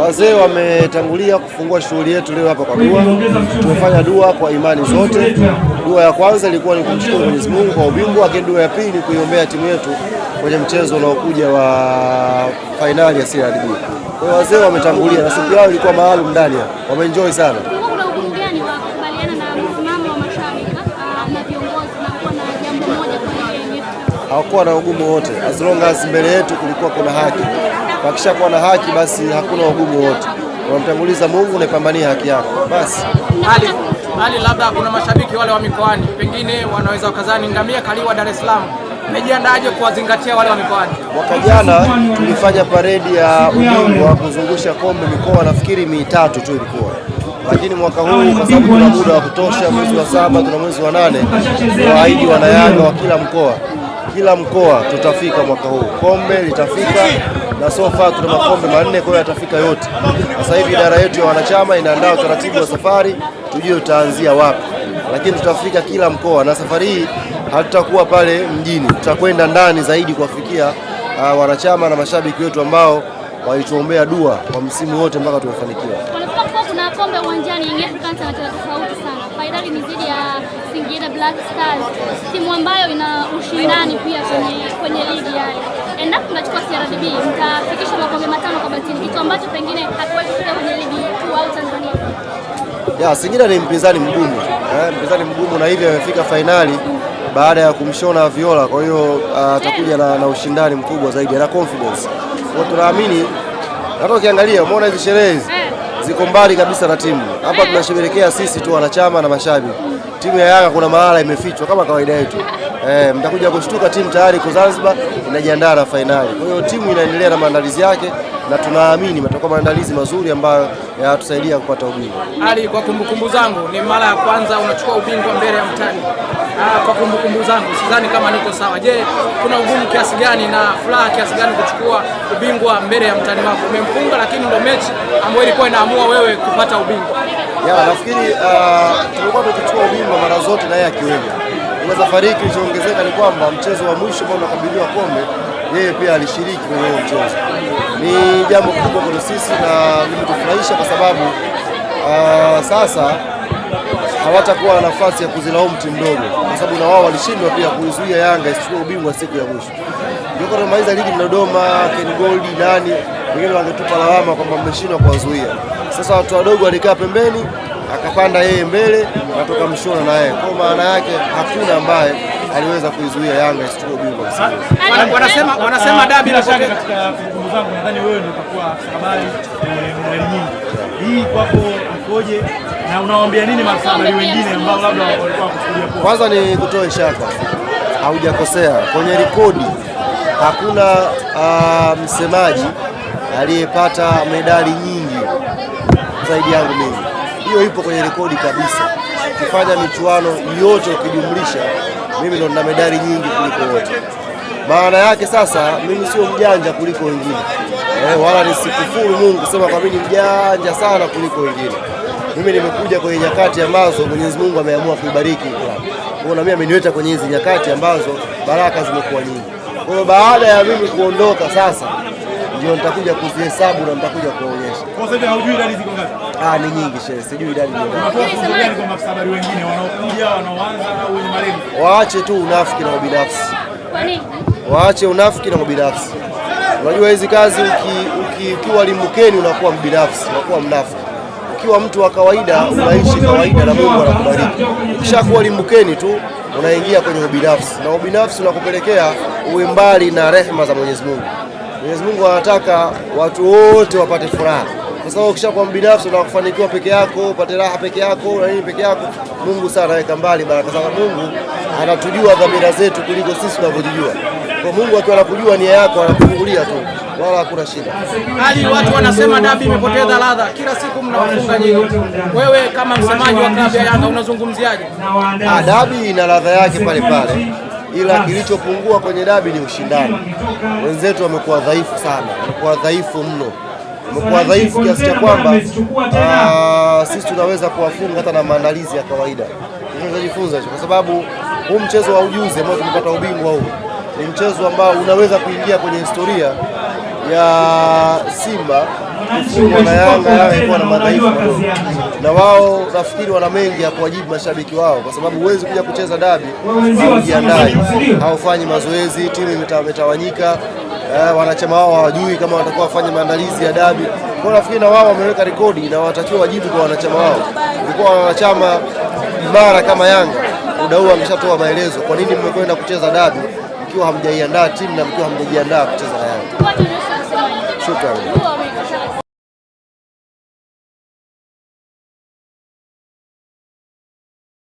Wazee wametangulia kufungua shughuli yetu leo hapa kwa dua. Tumefanya dua kwa imani zote. Dua ya kwanza ilikuwa ni kumshukuru Mwenyezi Mungu kwa ubingwa, lakini dua ya pili ni kuiombea timu yetu kwenye mchezo unaokuja wa fainali ya CRDB. Kwa hiyo wazee wametangulia na siku yao ilikuwa maalum ndani hapa, wameenjoy sana. Ah, Hawakuwa na ugumu wote, as long as mbele yetu kulikuwa kuna haki kuwa na haki, basi hakuna ugumu wote, unamtanguliza Mungu, unaipambania haki yako basi. hali hali, labda kuna mashabiki wale wa mikoani pengine wanaweza wakazani ngamia kaliwa Dar es Salaam mejiandaje kuwazingatia wale wa mikoani? Mwaka jana tulifanya paredi ya wa kuzungusha kombe mikoa, nafikiri mitatu tu ilikuwa lakini mwaka huu kwa sababu tuna muda wa kutosha, mwezi wa saba tuna mwezi wa nane, waahidi wanayanga wa kila mkoa, kila mkoa tutafika mwaka huu, kombe litafika na so far tuna makombe manne, kwa hiyo yatafika yote. Sasa hivi idara yetu ya wanachama inaandaa utaratibu wa safari, tujue tutaanzia wapi, lakini tutafika kila mkoa, na safari hii hatutakuwa pale mjini, tutakwenda ndani zaidi kuwafikia uh, wanachama na mashabiki wetu ambao walituombea dua kwa msimu wote mpaka tumefanikiwa. Singida Black Stars, timu ambayo ina ushindani endapo tunachukua CRDB mtafikisha makombe matano kwa Batili, kitu ambacho pengine hakuwahi kufika kwenye ligi kuu au Tanzania. Ya Singida ni mpinzani mgumu eh, mpinzani mgumu na hivi amefika fainali baada ya kumshona Viola. Kwa hiyo ah, atakuja uh, na, na ushindani mkubwa zaidi na confidence. Kwa tunaamini hata ukiangalia umeona hizi sherehe hizi eh. ziko mbali kabisa na timu hapa, eh. tunasherehekea sisi tu wanachama na mashabiki. Timu ya Yanga kuna mahala imefichwa kama kawaida yetu eh, mtakuja kushtuka, timu tayari kwa Zanzibar inajiandaa na fainali. Kwa hiyo timu inaendelea na maandalizi yake na tunaamini matakuwa maandalizi mazuri ambayo yatusaidia kupata ubingwa. Ali, kwa kumbukumbu zangu ni mara ya kwanza unachukua ubingwa mbele ya mtani. Ah, kwa kumbukumbu zangu sidhani kama niko sawa. Je, kuna ugumu kiasi gani na furaha kiasi gani kuchukua ubingwa mbele ya mtani wako? Umemfunga, lakini ndo mechi ambayo ilikuwa inaamua wewe kupata ubingwa. Ya, nafikiri uh, tulikuwa tukichukua ubingwa mara zote na yeye akiwepo na safari hii kilichoongezeka ni kwamba mchezo wa mwisho ambao unakabiliwa kombe, yeye pia alishiriki kwenye huo mchezo. Ni jambo kubwa kwa sisi na limetufurahisha kwa sababu uh, sasa hawatakuwa na nafasi ya kuzilaumu timu ndogo, kwa sababu na wao walishindwa pia kuizuia Yanga isichukue ubingwa siku ya mwisho. Ndio tunamaliza ligi na Dodoma, Ken Gold nani wengine wangetupa lawama kwamba mmeshindwa kuwazuia. Sasa watu wadogo walikaa pembeni akapanda yeye mbele na tukamshona na yeye. Kwa maana yake hakuna ambaye aliweza kuizuia Yanga isichukue ubingwa. Yaani wanasema ah, wanasema dabi la shaka. Katika kumbukumbu zangu nadhani wewe ndio utakuwa habari nyingi hii kwako mkoje na unawaambia nini mahabari wengine ambao labda walikuwa kusudia kwa? Kwanza ni kutoa shaka, haujakosea kwenye rekodi. Hakuna uh, msemaji aliyepata medali nyingi zaidi yangu mimi hiyo ipo kwenye rekodi kabisa. Kufanya michuano yote ukijumlisha, mimi ndo nina medali nyingi kuliko wote. Maana yake sasa, mimi sio mjanja kuliko wengine eh, wala nisikufuru Mungu kusema kwa mimi mjanja sana kuliko wengine. Mimi nimekuja kwenye nyakati ambazo Mwenyezi Mungu ameamua kuibariki kwa hiyo na mimi ameniweka kwenye hizi nyakati ambazo baraka zimekuwa nyingi. Kwa hiyo baada ya mimi kuondoka sasa ndio nitakuja kuzihesabu na nitakuja kuonyesha. Kwa sababu hujui idadi ziko ngapi? Ah, ni nyingi shehe, sijui idadi ziko ngapi. Yaani Kwa maafisa wengine wanaokuja wanaoanza au wenye malengo. Waache tu unafiki na ubinafsi. Kwa nini? Waache unafiki na ubinafsi. Unajua hizi kazi ukiwa limbukeni unakuwa mbinafsi, unakuwa mnafiki. Ukiwa mtu wa kawaida unaishi kawaida na Mungu anakubariki. Ukishakuwa limbukeni tu unaingia kwenye ubinafsi na ubinafsi unakupelekea uwe mbali na rehema za Mwenyezi Mungu. Mwenyezi Mungu anataka watu wote wapate furaha, kwa sababu ukishakuwa mbinafsi na kufanikiwa peke yako, upate raha peke yako na nini peke yako, Mungu sana anaweka mbali baraka zake. Mungu anatujua dhamira zetu kuliko sisi tunavyojijua. Kwa Mungu akiwa anakujua nia yako, anakufungulia tu wala hakuna shida. Hali watu wanasema dabi imepoteza ladha, kila siku mnawafunga nyinyi. Wewe kama msemaji wa klabu ya Yanga unazungumziaje? Ah, dabi ina ladha yake pale pale, ila kilichopungua kwenye dabi ni ushindani. Wenzetu wamekuwa dhaifu sana, wamekuwa dhaifu mno umekuwa dhaifu kiasi cha kwamba ah, sisi tunaweza kuwafunga hata na maandalizi ya kawaida. Tunajifunza kwa sababu huu mchezo wa ujuzi ambao tumepata ubingwa huu ni mchezo ambao unaweza kuingia kwenye historia ya Simba kusimwa na Yanga, Yanga ilikuwa na madhaifu na wao, nafikiri wana mengi ya kuwajibu mashabiki wao, kwa sababu huwezi kuja kucheza dabi haujiandai, haufanyi mazoezi, timu imetawanyika, eh, wanachama wao hawajui kama watakuwa wafanye maandalizi ya dabi. Kwa nafikiri na wao wameweka rekodi na watakiwa wajibu kwa wanachama wao. Ilikuwa wanachama imara kama Yanga, udau ameshatoa maelezo kwa nini mmekwenda kucheza dabi mkiwa hamjaiandaa timu na mkiwa hamjajiandaa kucheza na Yanga. Show, cara.